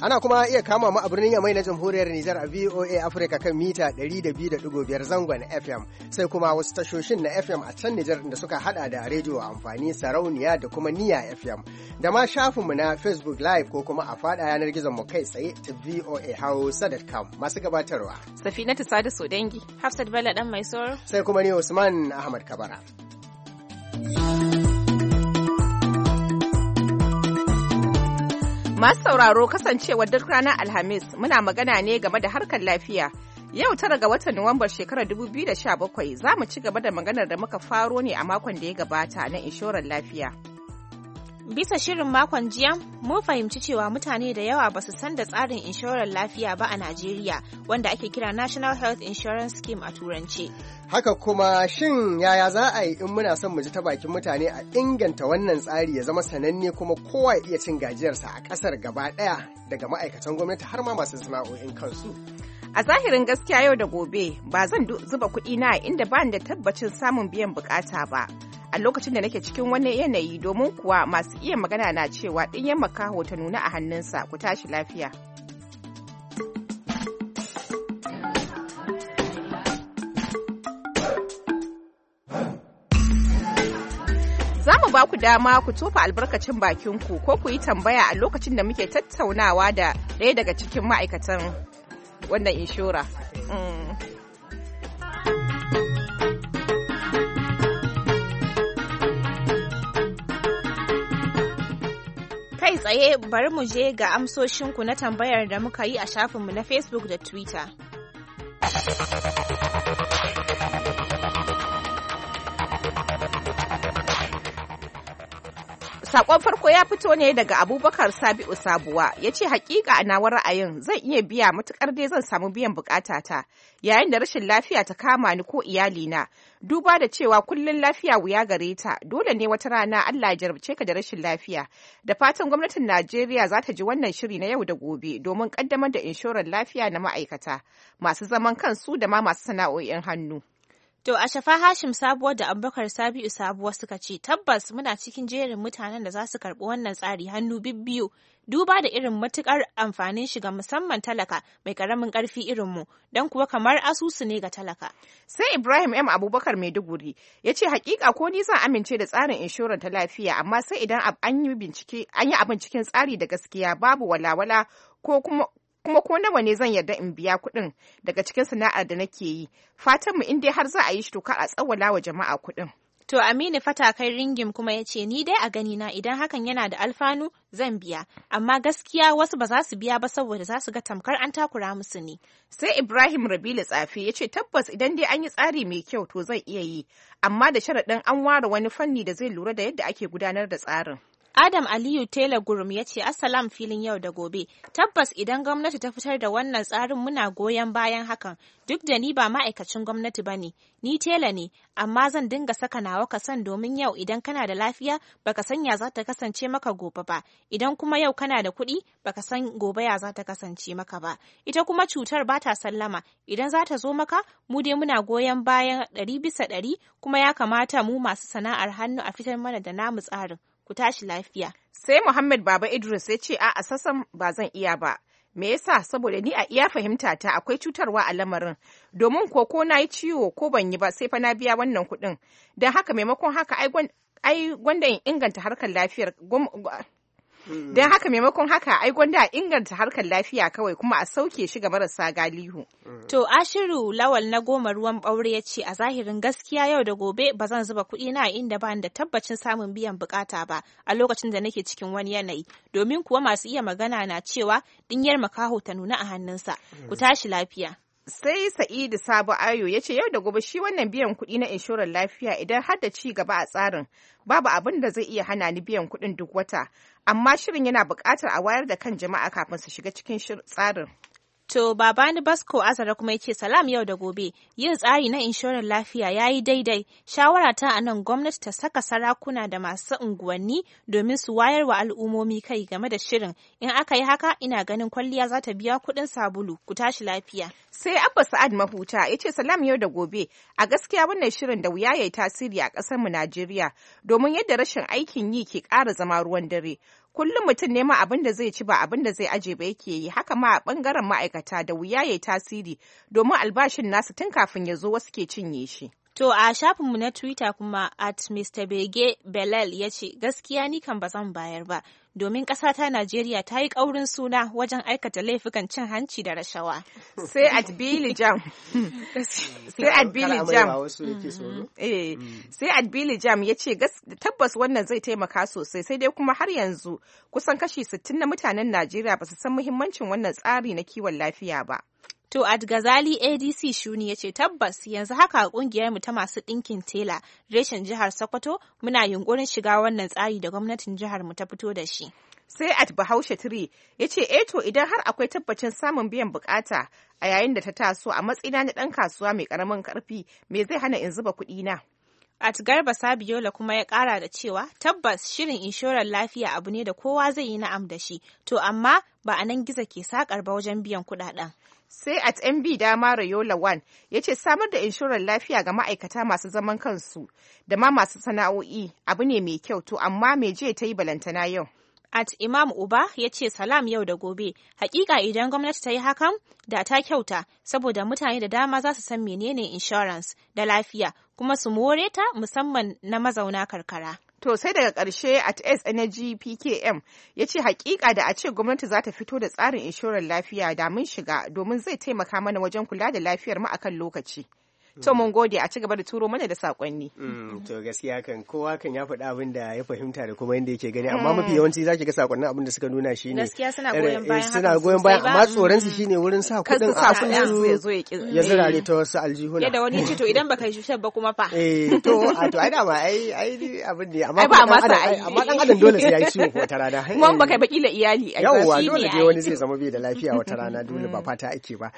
Ana kuma iya kama mu a birnin Yamai na Jamhuriyar Nijar a VOA Africa kan mita 200.5 zangon FM sai kuma wasu tashoshin na FM a can Nijar da suka hada da rediyo amfani sarauniya da kuma niya FM da ma shafinmu na Facebook Live ko kuma a fada yanar gizon mu kai tsaye ta VOA Hausa.com masu gabatarwa. Safinatu Sadu dangi. Hafsat Bello dan mai sauro. Sai kuma ni Usman Ahmad Kabara. Masu sauraro kasancewar duk ranar Alhamis muna magana ne game da harkar lafiya. Yau tara ga watan Nuwambar shekarar 2017 za mu ci gaba da maganar da muka faro ne a makon da ya gabata na inshorar lafiya. Bisa shirin makon jiya, mun fahimci cewa mutane da yawa ba su san da tsarin inshorar lafiya ba a Najeriya, wanda ake kira National Health Insurance Scheme a turanci Haka kuma shin yaya za a yi in muna son mu ji ta bakin mutane a inganta wannan tsari ya zama sananne kuma kowa ya iya cin gajiyarsa a ƙasar gaba ɗaya daga ma'aikatan gwamnati har ma masu sana'o'in kansu. A zahirin gaskiya yau da gobe ba zan zuba kuɗi na inda ba da tabbacin samun biyan bukata ba. A lokacin da nake cikin wani yanayi domin kuwa masu iya magana na cewa ɗin makaho ta nuna a hannunsa ku tashi lafiya. za mu ba ku dama ku tofa albarkacin bakinku ko ku yi tambaya a lokacin da muke tattaunawa da ɗaya daga cikin ma'aikatan wannan inshora mm. kai tsaye bari mu je ga amsoshinku na tambayar da muka yi a shafinmu na facebook da twitter Sakon farko ya fito ne daga Abubakar Sabi'u Sabuwa ya ce hakika a nawa ra'ayin zan iya biya matukar dai zan samu biyan bukatata yayin da rashin lafiya ta kama ni ko iyalina duba da cewa kullum lafiya wuya gare ta dole ne wata rana Allah jarabce ka da rashin lafiya da fatan gwamnatin Najeriya za ta ji wannan shiri na yau da gobe domin kaddamar da inshorar lafiya na ma'aikata masu zaman kansu da ma masu sana'o'in hannu. To a shafa Hashim sabuwar da Abubakar Sabi'u sabuwa suka ce tabbas muna cikin jerin mutanen da za su karɓi wannan tsari hannu bibbiyu duba da irin matukar amfanin shi ga musamman talaka mai karamin karfi irin mu don kuwa kamar asusu ne ga talaka. Sai Ibrahim M Abubakar Maiduguri ya ce hakika ko ni zan amince da tsarin inshorar ta lafiya amma sai idan an yi an yi abin cikin tsari da gaskiya babu walawala ko kuma kuma ko nawa ne zan yarda in biya kuɗin daga cikin sana'ar da nake yi fatan mu in dai har za a yi shi to a tsawwala wa jama'a kuɗin To Aminu fata kai ringim kuma ya ce ni dai a gani na idan hakan yana da alfanu zan biya, amma gaskiya wasu ba za su biya ba saboda za su ga tamkar an takura musu ne. Sai Ibrahim Rabilu tsafe ya ce tabbas idan dai an yi tsari mai kyau to zan iya yi, amma da sharaɗin an ware wani fanni da zai lura da yadda ake gudanar da tsarin. Adam Aliyu Taylor Gurum ya ce Assalam filin yau da gobe. Tabbas idan gwamnati ta fitar da wannan tsarin muna goyon bayan hakan duk da ni ba ma'aikacin gwamnati ba ne. Ni tela ne, amma zan dinga saka nawa ka kasan domin yau idan kana da lafiya baka san ya za ta kasance maka gobe ba. Idan kuma yau kana da kuɗi baka san gobe ya za ta kasance maka ba. Ita kuma cutar ba ta sallama idan za ta zo maka mu dai muna goyon bayan ɗari bisa ɗari kuma ya kamata mu masu sana'ar hannu a fitar mana da namu tsarin. ku tashi lafiya. Sai Muhammad Baba Idris ya ce a'a sassan ba zan iya ba. Me yasa saboda ni a iya fahimta ta akwai cutarwa a lamarin domin ko ko na yi ciwo ko ban yi ba sai fa na biya wannan kuɗin. Don haka maimakon haka ai gwanda in inganta harkar lafiyar Mm. Don haka maimakon haka ai gwanda a inganta harkar lafiya kawai kuma a sauke shi ga marasa galihu. Mm. To Ashiru Lawal na goma ruwan ɓaure ya ce a zahirin gaskiya yau da gobe ba zan zuba kuɗi na inda ba da tabbacin samun biyan bukata ba a lokacin da nake cikin wani yanayi domin kuwa masu iya magana na cewa dinyar makaho ta nuna a hannunsa ku mm. tashi lafiya. sai sa'idu sabo ayo ya ce yau da gobe shi wannan biyan kuɗi na inshorar lafiya idan har da ci gaba a tsarin babu abin da zai iya hana ni biyan kuɗin duk wata amma shirin yana buƙatar a wayar da kan jama'a kafin su shiga cikin tsarin To Babani Basko Azara kuma yake salam yau da gobe yin tsari na inshorar lafiya ya yi daidai shawara ta a nan gwamnati ta saka sarakuna da masu unguwanni domin su wayar wa al'ummomi kai game da shirin in aka yi haka ina ganin kwalliya za ta biya kuɗin sabulu ku tashi lafiya. Sai Abba Sa'ad Mahuta ya ce salam yau da gobe a gaskiya wannan shirin da wuya ya yi tasiri a ƙasar mu Najeriya domin yadda rashin aikin yi ke ƙara zama ruwan dare kullum mutum nema abin da zai ci ba abin da zai aje ba yake yi haka ma a bangaren ma'aikata da wuya ya tasiri domin albashin nasu tun kafin ya zo wasu ke cinye shi To a shafinmu na Twitter kuma at Mr. Bege Belal ya ce gaskiya ni kan ba zan bayar ba domin ƙasa ta Najeriya ta yi ƙaurin suna wajen aikata laifukan cin hanci da rashawa. Sai at Billy Jam. Sai at Billy Jam. Mm-hmm. Mm. Eh, sai at Billy Jam ya ce tabbas wannan zai taimaka sosai sai dai kuma har yanzu kusan kashi 60 na mutanen Najeriya ba su san muhimmancin wannan tsari na kiwon lafiya ba. To at Gazali ADC Shuni ya ce tabbas yanzu haka kungiyar mu ta masu ɗinkin tela reshen jihar Sokoto muna yunkurin shiga wannan tsari da gwamnatin jihar mu ta fito da shi. Sai at Bahaushe Tire ya ce eh to idan har akwai tabbacin samun biyan bukata a yayin da ta taso a matsina na ɗan kasuwa mai ƙaramin ƙarfi me zai hana in zuba kuɗi na? At Garba Sabiola kuma ya ƙara da cewa tabbas shirin inshorar lafiya abu ne da kowa zai yi na'am da shi, to amma ba a nan gizo ke sakar ba wajen biyan kuɗaɗen. sai at mb dama rayola one ya ce samar da inshorar lafiya ga ma'aikata masu zaman kansu da ma masu sana'o'i abu ne mai kyau to amma mai je ta yi balantana yau at imam uba ya ce salam yau da gobe hakika idan gwamnati ta yi hakan da ta kyauta saboda mutane da dama za su san menene insurance da lafiya kuma su more ta musamman na mazauna karkara To sai daga ƙarshe at S Energy PKM ya ce hakika da a ce gwamnati za ta fito da tsarin inshorar lafiya da mun shiga domin zai taimaka mana wajen kula da lafiyar mu akan lokaci. to mun gode a ci gaba da turo mana da sakonni mm, to gaskiya kan kowa kan ya faɗi abin da ya fahimta da kuma yadda yake gani amma hmm. mafi yawanci zaki ga sakonnin abin da suka nuna shine gaskiya suna eh, goyon bayan amma tsoron mm. su shine wurin sa kuɗin a kuɗin ya zo ya Ya zirare mm. ta wasu aljihuna yadda wani ce to idan baka yi shan ba kuma fa eh to a to ai dama ai ai abin ne amma amma dan adam dole sai ya yi ciwo wata rana kuma baka baki la iyali yau wa dole dai wani zai zama bai da lafiya wata rana dole ba fata ake ba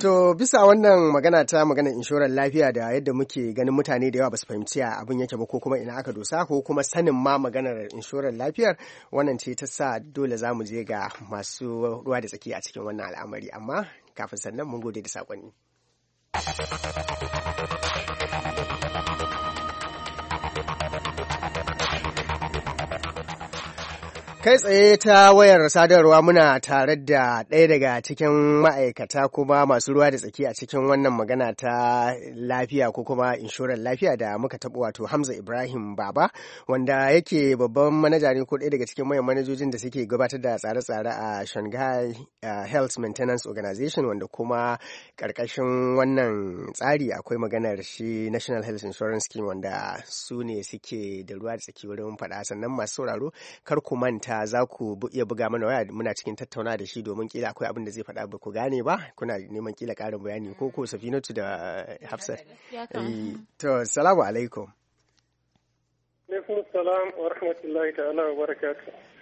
to bisa wannan magana ta magana inshorar lafiya lafiya da yadda muke ganin mutane da yawa ba su fahimci a abin yake ba ko kuma ina aka dosa ko kuma sanin ma maganar inshorar lafiyar wannan ce ta sa dole za mu je ga masu ruwa da tsaki a cikin wannan al'amari amma kafin sannan mun gode da saƙonni. Kai tsaye ta wayar sadarwa muna tare da ɗaya daga cikin ma'aikata kuma masu ruwa da tsaki a cikin wannan magana ta lafiya ko kuma inshorar lafiya da muka taɓa wato Hamza Ibrahim Baba wanda yake babban manaja ne ko ɗaya daga cikin mayan manajojin da suke gabatar da tsare-tsare a Shanghai Health Maintenance Organization wanda kuma ƙarƙashin wannan tsari akwai maganar shi National Health Insurance Scheme wanda su ne suke da ruwa da tsaki wurin faɗa sannan masu sauraro kar ku manta ta za ku iya buga mana waya muna cikin tattauna da shi domin kila akwai abin da zai faɗa ba ku gane ba kuna neman kila ƙarin bayani ko ko safinatu da hafsat eh, to salamu alaikum salam wa wa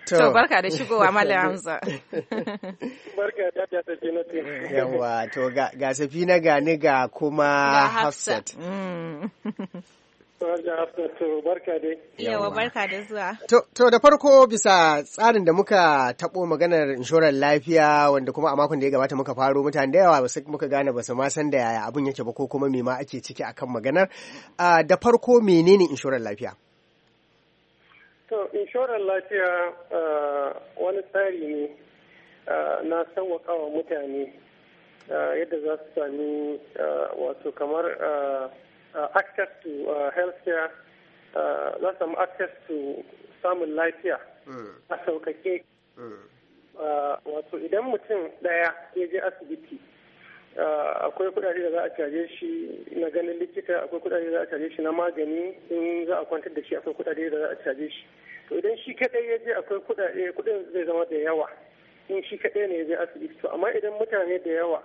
To, barka da shigowa Malam Hamza. Barka da ta Yawa, to ga Safina ga ni ga kuma Hafsat. Mm. To da farko bisa tsarin da muka taɓo maganar inshorar lafiya wanda kuma a makon da ya gabata muka faro mutane da yawa su muka gane ba su ma san da yaya abin yake ba ko kuma me ma ake ciki akan maganar. Da farko menene inshorar lafiya? To inshorar lafiya wani tsari ne na sauwaƙawa mutane yadda za su sami wato kamar Uh, access to uh, health care uh, za some access to samun lafiya hmm. a sauƙaƙe hmm. wato idan mutum ɗaya ya je asibiti akwai kudade da za a caje shi na ganin likita akwai kudade da za a caje shi na magani in za a kwantar da shi akwai kudade da za a caje shi to idan shi kaɗai ya je akwai kudade kudin zai zama da yawa in shi kadai ne ya je asibiti to amma idan mutane da yawa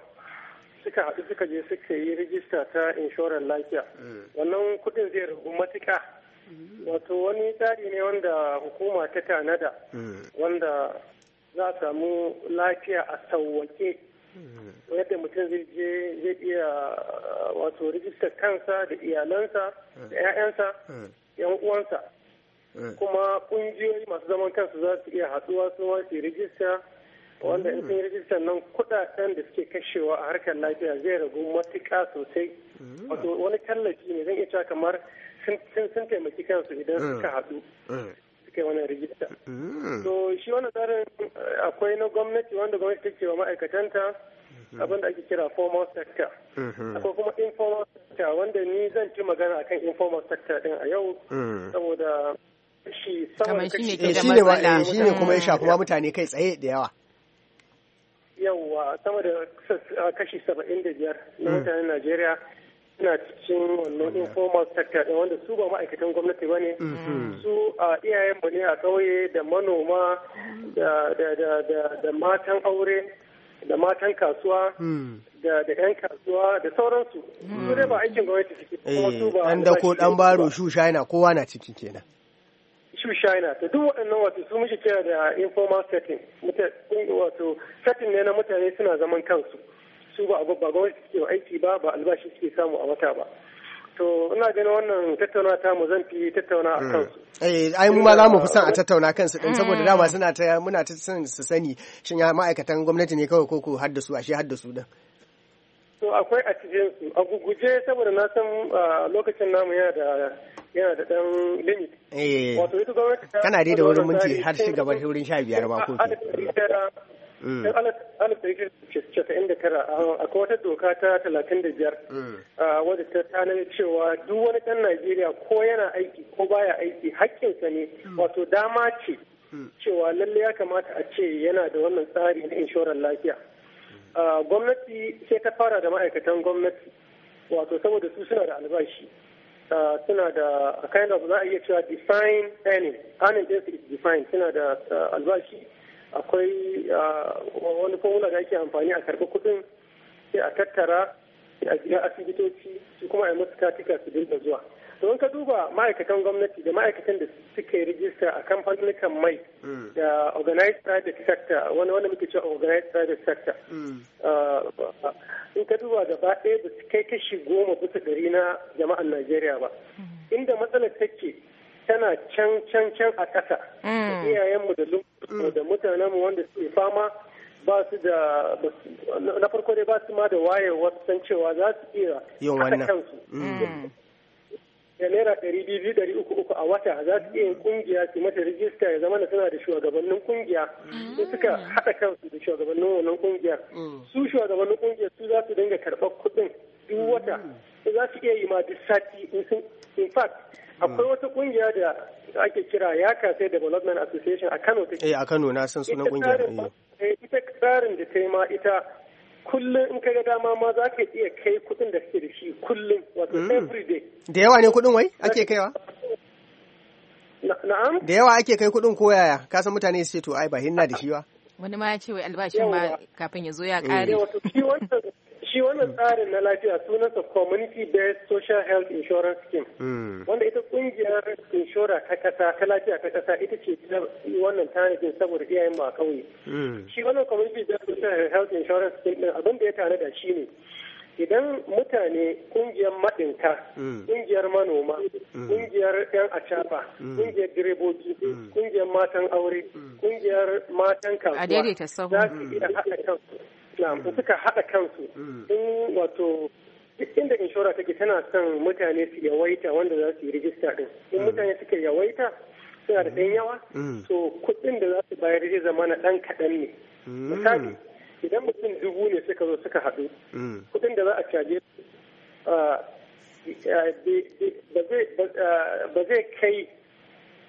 suka haɗu suka je suka yi rijista ta inshorar lafiya mm. wannan kuɗin zai rabu matuƙa mm. wato wani tsari ne wanda hukuma ta tanada mm. wanda za a samu lafiya a sauwake yadda mutum zai je zai iya wato rijista kansa da iyalansa da 'ya'yansa 'yan uwansa kuma ƙungiyoyi masu zaman kansu za su iya haɗuwa su ma su rijista wanda in sun rijistar nan kudaden da suke kashewa a harkar lafiya zai ragu matuƙa sosai mm. wato wani tallafi ne zan iya cewa kamar sun taimaki kansu idan mm. suka haɗu mm. suka yi wannan rijista to shi wannan tsarin eh, akwai na gwamnati wanda gwamnati ce wa ma'aikatanta mm-hmm. abin da ake kira formal sector mm-hmm. akwai kuma informal sector wanda ni zan ci magana akan informal sector din a yau saboda shi eh, eh, shi ne kuma ya shafi mutane kai tsaye da yawa yauwa sama da kashi saba'in da biyar na mm. mutanen najeriya suna cikin wannan informal sector da wanda su ba ma'aikatan gwamnati ba ne mm-hmm. su a iyayenmu ne a ƙauye da manoma da matan aure da matan kasuwa mm. da 'yan kasuwa da sauransu su dai ba mm. aikin gwamnati suke kuma eh, su ba ko dan baro shu shaina kowa na ciki kenan to China to duk waɗannan wato su muke kira da informal setting wato setting ne na mutane suna zaman kansu su ba abu ba gwamnati suke aiki ba ba albashi suke samu a wata ba to ina ganin wannan tattauna ta mu zanti tattauna a hmm. kansu eh ai mu ma za mu fi son a hmm. tattauna kansu din saboda hmm. dama suna ta muna ta san su sani shin ya ma'aikatan gwamnati ne kawai koko su ashe su din to akwai a cikin su a guguje saboda na san ah, lokacin namu yana da yana da ɗan limit. Eh, wato ita gwamnati ta kana dai da wurin minti har shi gaba wurin sha biyar ba ko. Alif ɗari mm. casa'in da tara A wata doka ta talatin da biyar mm. wadda ta tanadi cewa duk wani ɗan Najeriya ko yana aiki ko baya aiki haƙƙinsa ne mm. wato dama ce cewa lalle ya kamata a ce yana da wannan tsari na inshorar lafiya. Gwamnati sai ta fara da ma'aikatan gwamnati wato saboda su suna da albashi. Uh, suna da a kind of za a iya cewa define earning earning din is defined suna da uh, albashi akwai uh, wani formula da ake amfani a karɓi kuɗin sai a tattara a asibitoci su kuma a yi musu katika su dinga zuwa don ka duba ma'aikatan gwamnati da ma'aikatan da suka yi rijista a kamfanin mai mm. da organized private sector wani wanda muke cewa organized private sector mm. uh, in ka duba gaba ɗaya ba su kai kashi goma bisa ɗari na jama'an najeriya ba mm. inda matsalar take tana can can can a ƙasa iyayenmu da da mutanenmu wanda suke fama ba su da na farko dai ba su ma da wayewar san cewa za su iya kansu da naira ɗari biyu ɗari uku uku a wata za su iya yin kungiya su mata rijista ya zama da suna da shugabannin kungiya su suka haɗa kansu da shugabannin wannan kungiya su shugabannin kungiya su za su dinga karɓar kuɗin duk wata za su iya yi ma duk sati in fact akwai wata kungiya da ake kira ya kasai development association a kano take eh, a kano na san sunan kungiyar eh. eh, ita tsarin da ta yi ma ita kullum in ka ga dama ma za ka iya kai kuɗin da suke da shi kullum wato mm. everyday da yawa ne kuɗin wai ake kaiwa na'am da yawa ake kai kuɗin ko yaya ka san mutane su ce to ai ba hinna da shi ba wani ma ya ce wai albashin ma kafin ya zo ya ƙare eh. shi wannan tsarin na lafiya sunansa community based social health insurance scheme hmm. wanda ita kungiyar inshora ta kasa ta lafiya ta kasa ita ce wannan tanadin saboda iyayen ba kauye hmm. shi wannan community based social health insurance scheme din abin da ya tare da shi ne idan mutane kungiyar maɗinka hmm. kungiyar manoma kungiyar yan acaba kungiyar direbobi kungiyar matan aure kungiyar matan kasuwa za su iya haɗa kansu su suka haɗa kansu in hmm. wato duk inda inshora take tana son mutane su yawaita wanda za su yi rijista din in hmm. mutane suka yawaita suna da ɗan yawa hmm. so kuɗin da za su bayar zai zama na ɗan kaɗan ne misali idan mutum dubu ne suka zo suka haɗu kuɗin da za a caje ba zai kai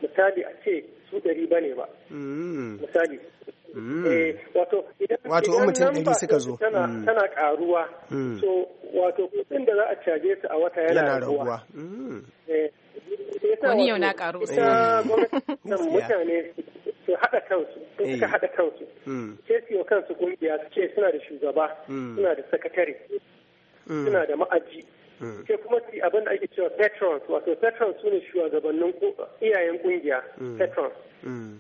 misali a ce su ɗari ba ne ba mm. misali mm. Eh, wato idan mutum ɗari suka zo mm. tana ƙaruwa so wato kuɗin da za a caje su a wata yana raguwa eh, wani yau na ƙaru ita eh. gwamnatin mutane su haɗa kansu sun suka haɗa kansu sai su yi kansu ƙungiya su ce suna da shugaba suna da sakatare suna da ma'aji Mm. sai kuma abin da ake cewa patrons wato patrons su ne shugabannin iyayen kungiya mm. patrons mm.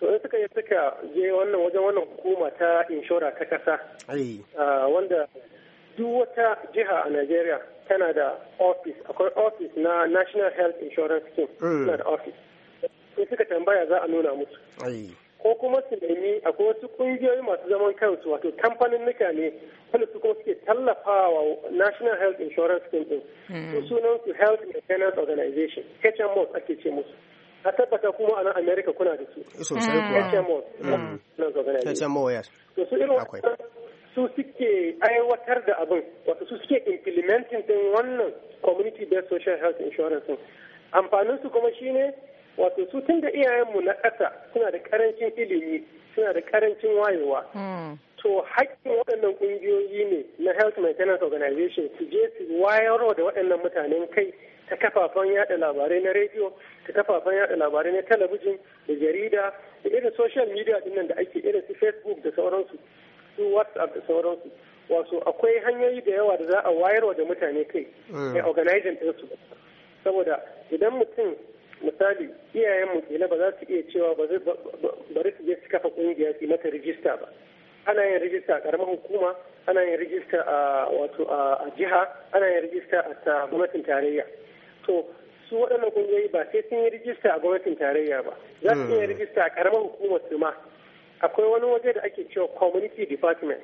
to in suka yi suka je wannan wajen wannan hukuma ta inshora ta kasa wanda duk wata jiha a Najeriya tana da office akwai office na National Health Insurance Scheme tana da office in suka tambaya za a nuna musu ko kuma su nemi akwai wasu kungiyoyi masu zaman kansu wato kamfanin nika ne wanda su kuma suke tallafawa national health insurance company hmm. su sunan su health maintenance organization hmos ake ce musu a tabbata kuma a nan america kuna da su hmos hmos su irin su suke aiwatar da abin wato su suke implementing din wannan community based social health insurance amfanin su kuma shine wato su tun da iyayenmu na ƙasa suna da ƙarancin ilimi suna da ƙarancin wayewa hmm. to haƙƙin waɗannan ƙungiyoyi ne na health maintenance organization su je su wayarwa da waɗannan mutanen kai ta kafafen yada labarai na rediyo ta kafafen yada labarai na talabijin da jarida da irin social media nan da ake irin su facebook da sauransu su whatsapp da sauransu wasu akwai hanyoyi da yawa da za a wayarwa da mutane kai ya hmm. organizing ɗinsu saboda idan mutum misali iyayen mu kila ba za su iya cewa ba bari su je su kafa kungiya su mata rijista ba ana yin rijista a karamar hukuma ana yin rijista a wato a jiha ana yin rijista a gwamnatin tarayya to su waɗannan kungiyoyi ba sai sun yi rijista a gwamnatin tarayya ba za su yi hmm. rijista a karamar hukumar su ma akwai wani waje da ake cewa community department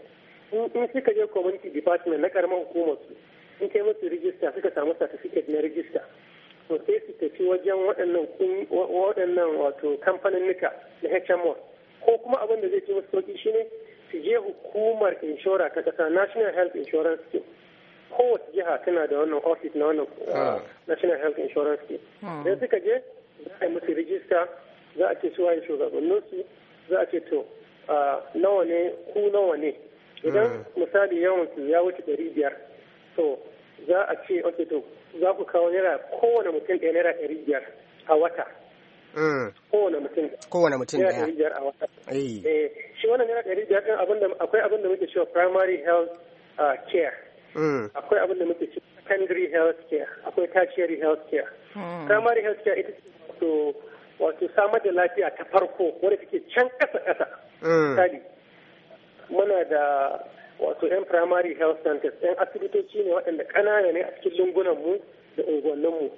in suka je community department na karamar hukumar su in kai musu rijista suka samu certificate na rijista to sai su tafi wajen waɗannan wato nika na HMO ko kuma abin da zai ce musu sauki shine su je hukumar inshora ta ƙasa National Health Insurance Scheme kowace jiha tana da wannan office na wannan ah. Ah, National Health Insurance Scheme ah. idan suka je za a yi musu register za a ce suwaye su za a ce to nawa ne ku nawa ne idan misali yawan ya wuce ɗari biyar to za a ce ok to za ku kawo naira kowane mutum ɗaya naira ɗari biyar a wata. Mm. Kowane mutum. Kowane mutum ɗaya. Naira ɗari biyar a wata. Eh, shi wannan naira ɗari biyar ɗin akwai abin da muke cewa primary health ah, care. Mm. Akwai abin da muke cewa secondary health care. Akwai tertiary health care. Mm. Primary health care ita ce wato wato samar da lafiya ta farko wadda take can ƙasa ƙasa. Misali muna da wato 'yan primary health centers 'yan asibitoci ne waɗanda ƙanana ne a cikin mu da unguwanninmu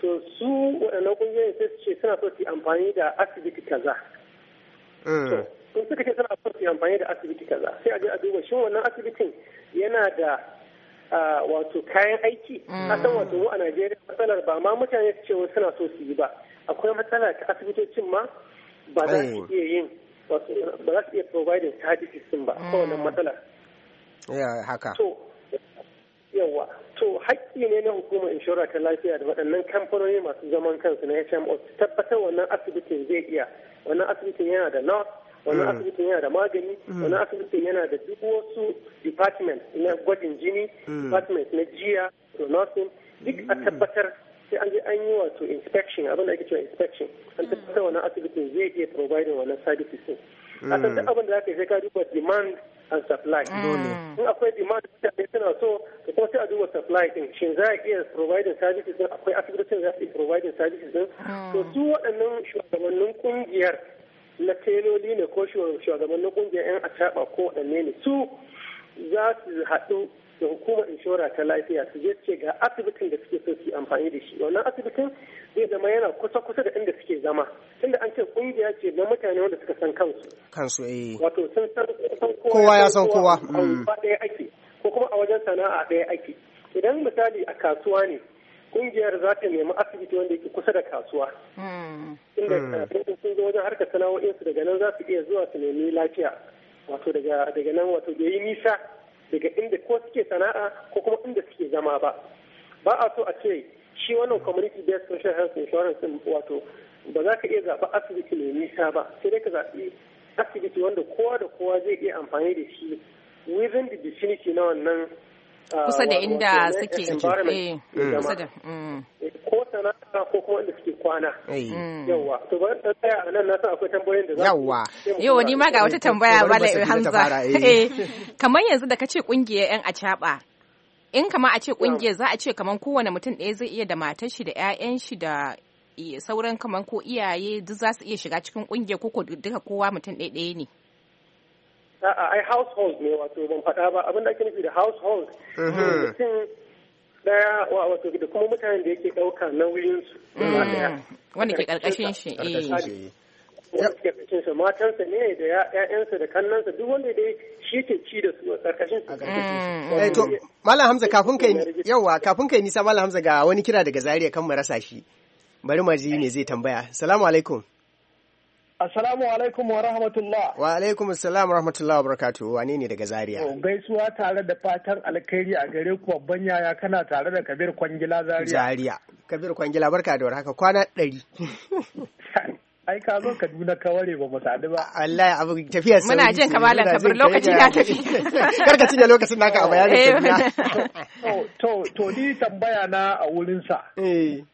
to su waɗannan ƙungiyoyin sai su ce suna so su amfani da asibiti kaza eh. to suka ce suna so su amfani da asibiti kaza sai a je a duba shin wannan asibitin yana da wato kayan aiki mm. a san wato mu a Najeriya matsalar ba ma mutane su ce wasu suna so su yi ba akwai matsala ta asibitocin ma ba za su eh. iya yin wato ba za su iya providing services ba Akwai wannan mm. matsala. haka to yawa to haƙƙi ne na hukumar inshora ta lafiya da waɗannan kamfanoni masu zaman kansu na HMO tabbatar wannan asibitin zai iya wannan asibitin yana da nurse wannan mm. asibitin yana da magani mm. wannan asibitin yana da duk wasu department na gwajin jini mm. department na jiya to nursing duk a tabbatar sai an je an yi wato inspection abin da ake cewa inspection an tabbatar wannan asibitin zai iya providing wannan services din a san duk abin da za ka yi sai ka duba demand and supply. Mm. In akwai demand mutane suna so da kuma sai a duba supply din shin za a iya providing services din akwai asibitocin za su iya providing services din mm. to su waɗannan shugabannin kungiyar na teloli ne ko shugabannin kungiyar yan acaba ko waɗanne ne su za su haɗu da hukumar inshora ta lafiya su je ce ga asibitin da suke so su amfani da shi wannan asibitin zai zama yana kusa kusa da inda suke zama tunda an ce kungiya ce na mutane wanda suka san kansu kansu eh wato sun san kowa ya san kowa mm. ba ɗaya ake ko kuma a wajen sana'a ɗaya ake idan misali a kasuwa ne kungiyar za ta nemi asibiti wanda yake kusa da kasuwa inda hmm. hmm. eh, sun zo wajen harkar sana'o'insu daga nan za su iya zuwa su nemi lafiya wato daga nan wato bai yi nisa daga inda ko suke sana'a ko kuma inda suke zama ba ba a so a ce shi wannan community based social health insurance wato ba za ka iya zaɓa asibiti mai nisa ba sai dai ka zaɓi asibiti wanda kowa da kowa zai iya amfani da shi within the vicinity na wannan kusa da ah, inda suke sana'a ko kuma inda suke kwana. Mm. Yawwa, to ba tsaya a nan na san akwai tambayoyin da za Yawwa, yawwa ni ma ga wata tambaya ba da Hamza. Eh. Eh, kamar yanzu da ka ce ƙungiyar 'yan acaɓa. In kama a ce ƙungiyar za a ce kamar kowane mutum ɗaya zai iya da matar shi da 'ya'yan shi da sauran kamar ko iyaye duk za su iya shiga cikin ƙungiyar ko duka kowa mutum ɗaya ɗaya ne. A'a, ai household ne wato ban faɗa ba abin da ake nufi da household. Mm-hmm. Mutum daya wato da kuma mutanen da yake dauka nauyin su mm. wanda ke karkashin shi eh wanda ke karkashin shi matansa ne da ƴaƴansa da kannansa duk wanda dai shi ke ci da su a karkashin su mm. eh, to malam hamza kafin kai yawa kafin kai nisa malam hamza ga wani kira daga zaria kan mu rasa shi bari maji ne zai tambaya salamu alaikum Assalamu alaikum wa rahmatullah. Wa alaikum assalam wa rahmatullah wa barakatu. Wane ne daga Zaria? Gaisuwa tare da fatan alkhairi a gare ku babban yaya kana tare da Kabir Kwangila Zaria. Zaria. Kabir Kwangila barka da warhaka kwana ɗari. Ai ka zo Kaduna ka ware ba mu sadu ba. Wallahi abu tafiya sai. Muna jin kamalan kabir lokaci ya tafi. Kar ka cinye lokacin naka a bayanin tafiya. Eh, to to to ni tambaya na a wurin sa. Eh.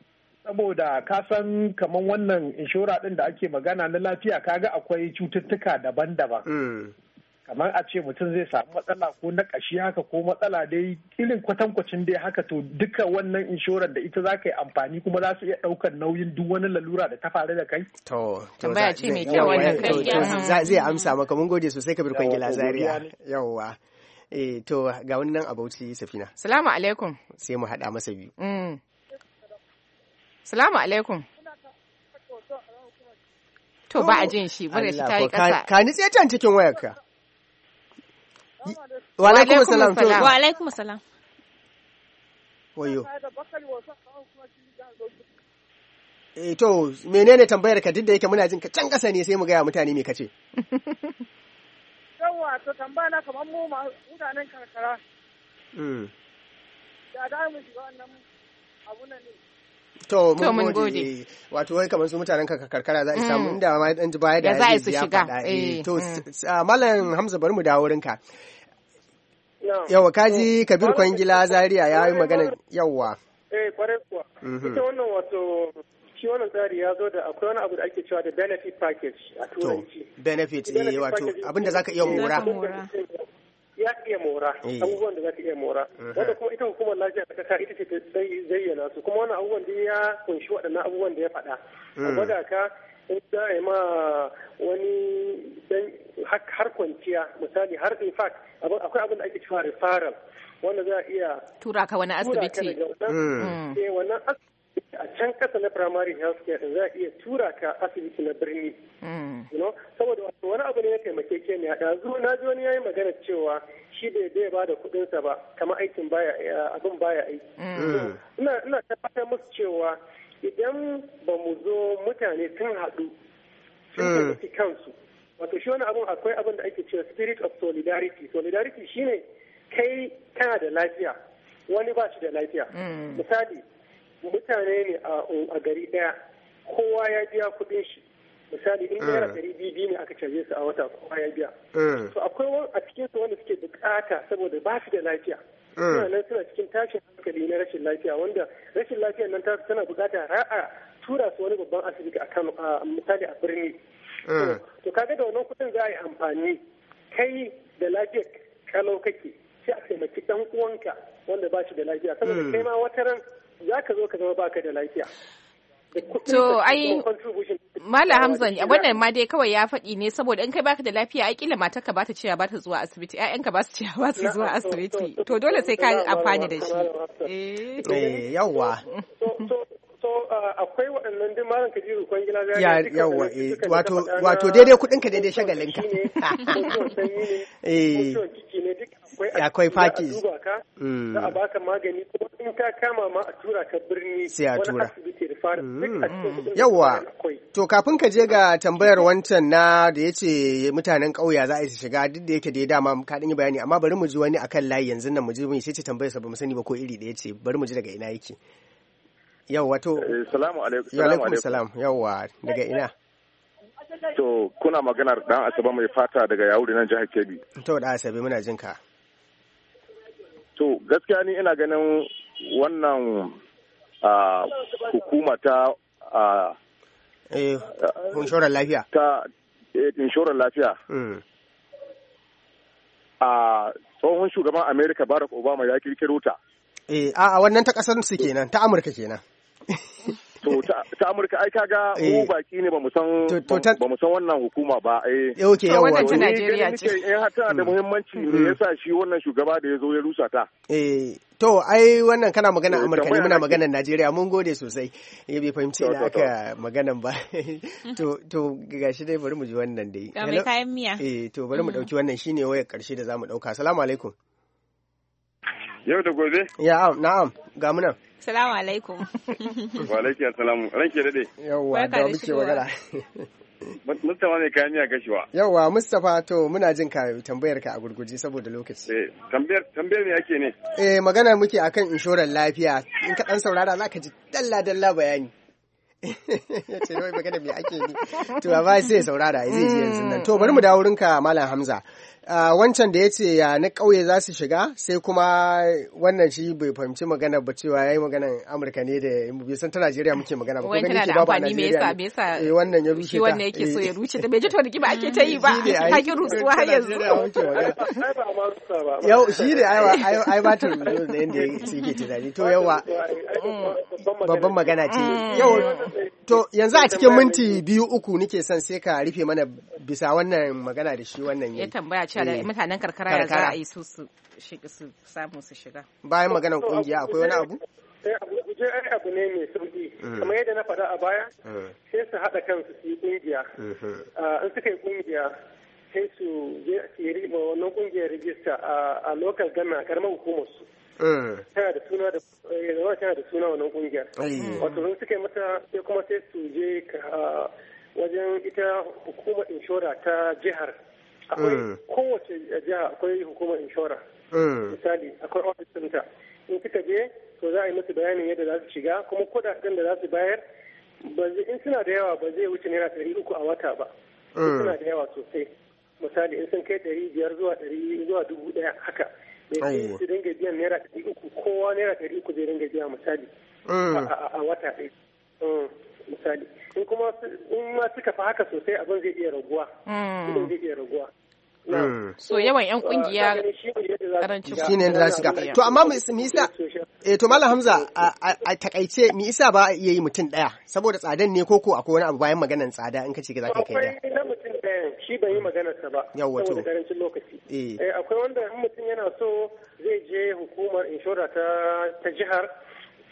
saboda ka san kamar wannan inshora ɗin da ake magana na lafiya kaga akwai cututtuka daban-daban mm. kamar a ce mutum zai samu matsala ko na ƙashi haka ko matsala dai irin kwatankwacin dai haka to duka wannan inshorar da ita za ka yi amfani kuma za su iya ɗaukar nauyin duk wani lalura da ta faru da kai. To, to mai Zai amsa maka mun gode sosai ka birkon gila zaria. Yawwa. Eh, to ga wannan nan Safina. Salamu alaikum. Sai mu haɗa masa biyu. Mm. Salamu alaikum. To ba a jin shi, bari shi ta yi ƙasa. Ka ni sai can cikin wayarka. Wa alaikum salam. Wa alaikum salam. Wayo. E to menene tambayar ka duk da yake muna jin ka can ƙasa ne sai mu gaya mutane me kace. Yawwa to tambaya na kamar mu mutanen karkara. Da hmm. da mu shiga wannan abu ne. To, mun gode. Wato wai kamar su mutanen karkara za a samu mm. inda ma dan ji baya da za su shiga. Eh, eh, to, mm. ah, Malam Hamza bari mu dawo wurinka. Yawa kaji Kabir Kwangila Zaria ya yi magana yawa. Eh, kware kuwa. Mhm. Ita wannan wato shi wannan tsari ya zo da akwai wani abu da ake cewa da benefit package a turanci. benefit eh wato abinda zaka iya mura ya iya mora eh. abubuwan da za ta iya mora wanda kuma ita hukumar lafiya ta kasa ita ce ta zayyana su kuma wani abubuwan da ya kunshi waɗannan abubuwan da ya faɗa a hmm. gwada ka in za a yi ma wani har kwanciya misali har in fact akwai abin da ake cewa referral wanda za a iya tura ka wani asibiti hmm. Hmm. eh wannan a can kasa na primary health care din za a iya tura ka asibiti na birni hmm. saboda wani abu ne ya taimake ke ne a na ji wani yi magana cewa shi bai bai ba da kudinsa ba kamar aikin baya eh, abin baya aiki hmm. ina tabbatar musu cewa idan ba mu zo mutane sun haɗu sun hmm. kansu wato shi wani abun akwai abin da ake cewa spirit of solidarity solidarity shine kai kana da lafiya wani ba shi da lafiya misali mutane ne a gari daya kowa ya biya kudin shi misali in naira eh. ɗari biyu ne aka caje su a wata kowa ya biya to eh. akwai a cikin su wanda suke bukata saboda ba su da lafiya eh. suna nan suna cikin tashin hankali na rashin lafiya wanda rashin lafiyar nan tana bukata ra'a tura su wani babban asibiti a kan misali a birni to kaga da wannan kuɗin za a yi amfani kai da lafiyar kalau kake sai a taimaki ɗan uwanka wanda ba shi da lafiya saboda hmm. kai ma wataran. za ka zo ka zama baka da lafiya To ai Mala Hamza wannan ma dai kawai ya faɗi ne saboda in kai baka da lafiya a kila matarka ba ta cewa ba ta zuwa asibiti ƴaƴanka ba su cewa ba su zuwa asibiti to dole sai ka amfani da shi eh yawa so uh, akwai waɗannan malam kajiru kwan gina ya yawa eh, wato wato daidai kuɗin ka daidai shagalin ka eh. ya akwai faki mm. za a baka magani ko in ka kama ma a tura ka birni sai a tura mm. mm. yawa to kafin ka je ga tambayar wancan na da yace mutanen ƙauya za a yi shiga duk da yake da dama ka yi bayani amma bari mu ji wani akan layi yanzu nan mu ji mu sai ce tambayar sa ba mu sani ba ko iri da yace bari mu ji daga ina yake Yau to. Eh, salamu alaikum. salam. Yawwa daga ina. To kuna maganar dan Asabe mai fata daga Yawuri nan jihar Kebbi. To da Asabe muna jin ka. To gaskiya ni ina ganin wannan hukuma eh, ta eh inshorar lafiya. Ta inshorar lafiya. A tsohon shugaban Amerika Barack Obama ya kirkiro ta. Eh, a wannan ta ƙasar su kenan, ta Amurka kenan. to ta Amurka ai kaga mu eh. baki ne bamu san bamu san wannan hukuma ba eh, eh okay yawa wannan ta Najeriya ce eh har tana da hmm. muhimmanci ne hmm. yasa shi wannan shugaba da ya zo ya rusa ta eh to ai wannan kana magana eh, Amurka ne muna maganar Najeriya mun gode sosai Ya bai fahimci da aka magana ba to to gashi dai bari mu ji wannan dai ga mai kayan miya eh to bari mu dauki mm. wannan shine waya karshe da zamu dauka assalamu alaikum Yau da gobe? Ya, na'am, ga muna Salamu alaikum. Wa salamu. Ran Ranke dade. Yawwa, da muke magana. Mustapha ne kayan miya gashiwa. Yawwa, Mustapha to muna jin ka tambayar ka a gurguje saboda lokaci. Eh, tambayar tambayar me yake ne? Eh, magana muke akan inshorar lafiya. In ka dan saurara zaka ji dalla dalla bayani. ya ce wai magana me ake ni to ba sai saurara zai ji yanzu nan to bari mu mm. dawo rinka malam hamza wancan da ya ce ya na ƙauye za su shiga sai kuma wannan shi bai fahimci magana ba cewa ya yi maganan amurka ne da bai san ta najeriya muke magana ba ko gani ke babu a najeriya me yasa eh wannan ya rushe ta wannan yake so ya eh. rushe ta bai ji to rigima ake ta yi ba hakin rusuwa har yanzu yau shi ne ai ai ba ta rubutu da yanda yake tunani to yawa mm. babban magana ce mm. yau to yanzu a cikin minti biyu uku nike son sai ka rufe mana bisa wannan magana da shi wannan ya tambaya cewa da mm. mutanen karkara ya za a yi su su samu su shiga bayan maganar kungiya akwai wani abu je eh, ai abu ne mai sauki mm. kamar yadda na faɗa a baya mm. sai su haɗa kansu su yi kungiya mm-hmm. ah, in suka yi kungiya sai su yi riba wannan kungiyar rijista a local gana karamar hukumar su tana da suna da eh, tana da suna wannan kungiyar wato sun suka yi mata sai kuma sai su je ah, wajen ita hukumar inshora ta jihar akwai eh. kowace jiha akwai hukumar inshora eh. misali akwai office ta in kika je to za a yi musu bayanin yadda za su shiga kuma kudaden da za su bayar in suna da yawa ba zai wuce naira ɗari uku a wata ba eh. suna da yawa sosai misali in sun kai ɗari biyar zuwa ɗari zuwa dubu ɗaya haka mai su dinga biyan naira ɗari uku kowa naira ɗari uku zai dinga biya misali a wata ɗaya mm, misali in kuma in ma suka fa haka sosai abin zai iya raguwa mm. abin zai iya raguwa Mm. so yawan yan kungiya karancin shi ne da su ga to amma mu isa eh to malam hamza a takaice mi isa ba iya yi mutum daya saboda tsadan ne koko akwai wani abu bayan maganar tsada in kace za ka kai da shi bai yi maganarsa ba saboda karancin lokaci eh. Eh, akwai wanda mutum yana so zai je hukumar inshora ta jihar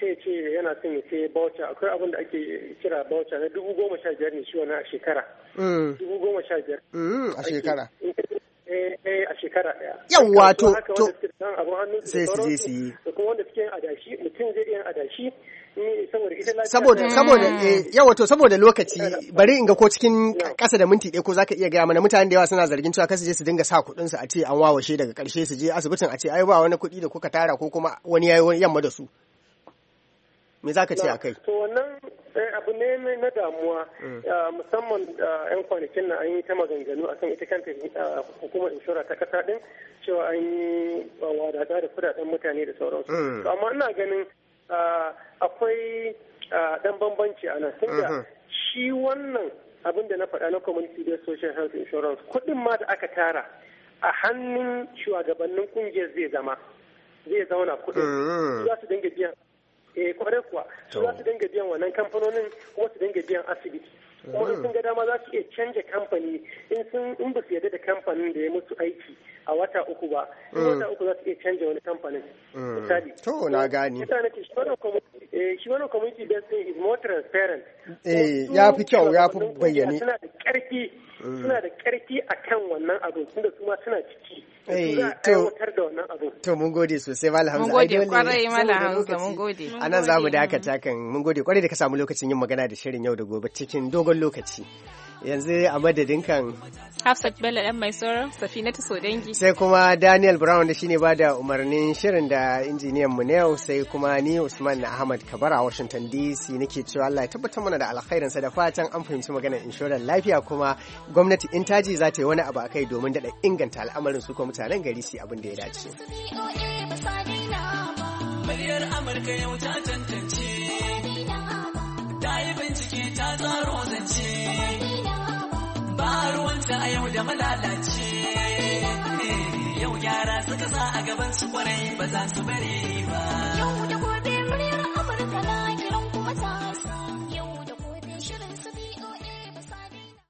sai ce yana son ya sai bauta akwai abin da ake kira bauta na dubu goma sha biyar ne shi wani a shekara. Mm. Dubu goma sha biyar. Mm, a shekara. Eh, eh, a shekara ɗaya. Yawwa to to sai su je su yi. Da kuma wanda suke yin adashi mutum zai iya yin adashi saboda saboda eh, yawa to saboda lokaci bari in ga ko cikin kasa da minti ɗaya ko zaka iya gaya mana mutane da yawa suna zargin cewa kasu je su dinga sa kuɗin su a ce an wawashe daga ƙarshe su je asibitin a ce ai ba wani kuɗi da kuka tara ko kuma wani yayi yamma da su. me za ka ce a kai to wannan eh, abu ne na damuwa mm. eh, musamman yan eh, kwanakin na an yi ta maganganu a kan ita kanta hukumar inshora ta kasa din cewa an yi wadata da kudaden mutane da sauransu mm. amma ina ganin akwai dan bambanci a nan tunda mm-hmm. shi wannan abin da na faɗa na community based social health insurance kuɗin ma da aka tara a hannun shugabannin kungiyar zai zama zai zauna kuɗin mm. za su dinga biyan eh kwarai kuwa su za su dinga biyan wannan kamfanonin kuma su dinga biyan asibiti kuma in mm-hmm. sun ga dama za su iya canja kamfani in sun in ba su yarda da kamfanin da ya musu aiki a wata uku ba mm. wata uku za su iya canja wani kamfanin mm. misali to na gani Ita shi wannan community eh, based is more transparent eh ya fi kyau ya fi bayyane suna da karfi mm. suna da karfi akan wannan abu tunda su ma suna ciki eh, to mun gode sosai Malam Hamza. Mun gode kwarai Malam Hamza mun gode. A nan za mu dakata kan mun gode kwarai da ka samu lokacin yin magana da shirin yau da gobe cikin dogon lokaci. yanzu a madadin kan Hafsat Bello dan mai sauran Safinatu dangi. sai kuma Daniel Brown da shine bada umarnin shirin da injiniyan mu yau sai kuma ni Usman Ahmad Kabara a Washington DC nake cewa Allah ya tabbatar mana da alkhairinsa da fatan an fahimci maganar inshorar lafiya kuma gwamnati in taji za ta yi wani abu akai domin daɗa inganta al'amarin su kuma mutanen gari su abin da ya dace. Muryar Amurka yau ta ta yi bincike ta tsaro zance ba ruwanta a yau da malalace eh, yau gyara suka sa a gaban su kwarai ba za su bari ba